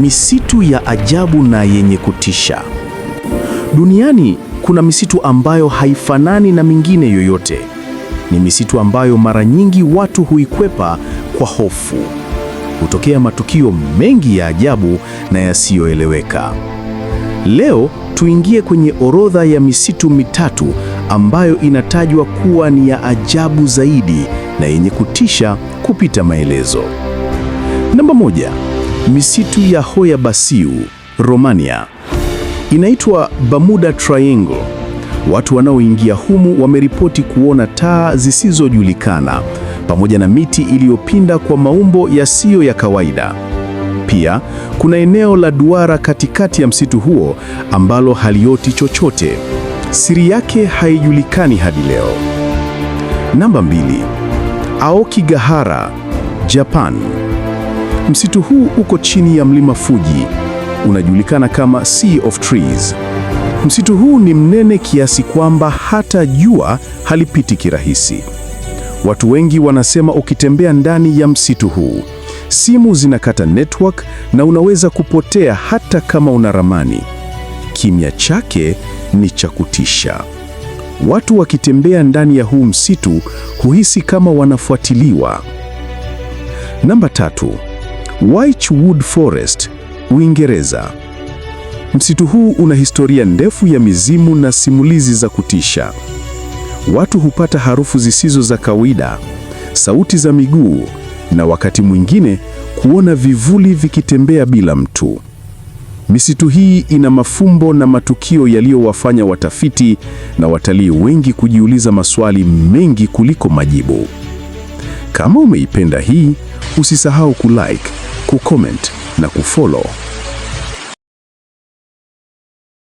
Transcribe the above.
Misitu ya ajabu na yenye kutisha. Duniani kuna misitu ambayo haifanani na mingine yoyote. Ni misitu ambayo mara nyingi watu huikwepa kwa hofu. Hutokea matukio mengi ya ajabu na yasiyoeleweka. Leo tuingie kwenye orodha ya misitu mitatu ambayo inatajwa kuwa ni ya ajabu zaidi na yenye kutisha kupita maelezo. Namba moja. Misitu ya Hoya Basiu, Romania, inaitwa Bermuda Triangle. Watu wanaoingia humu wameripoti kuona taa zisizojulikana pamoja na miti iliyopinda kwa maumbo yasiyo ya kawaida. Pia kuna eneo la duara katikati ya msitu huo ambalo halioti chochote. Siri yake haijulikani hadi leo. Namba mbili, Aokigahara, Japan. Msitu huu uko chini ya mlima Fuji, unajulikana kama Sea of Trees. Msitu huu ni mnene kiasi kwamba hata jua halipiti kirahisi. Watu wengi wanasema ukitembea ndani ya msitu huu, simu zinakata network na unaweza kupotea hata kama una ramani. Kimya chake ni cha kutisha. Watu wakitembea ndani ya huu msitu huhisi kama wanafuatiliwa. Namba tatu. Wychwood Forest, Uingereza. Msitu huu una historia ndefu ya mizimu na simulizi za kutisha. Watu hupata harufu zisizo za kawaida, sauti za miguu na wakati mwingine kuona vivuli vikitembea bila mtu. Misitu hii ina mafumbo na matukio yaliyowafanya watafiti na watalii wengi kujiuliza maswali mengi kuliko majibu. Kama umeipenda hii, usisahau kulike kucomment na kufollow.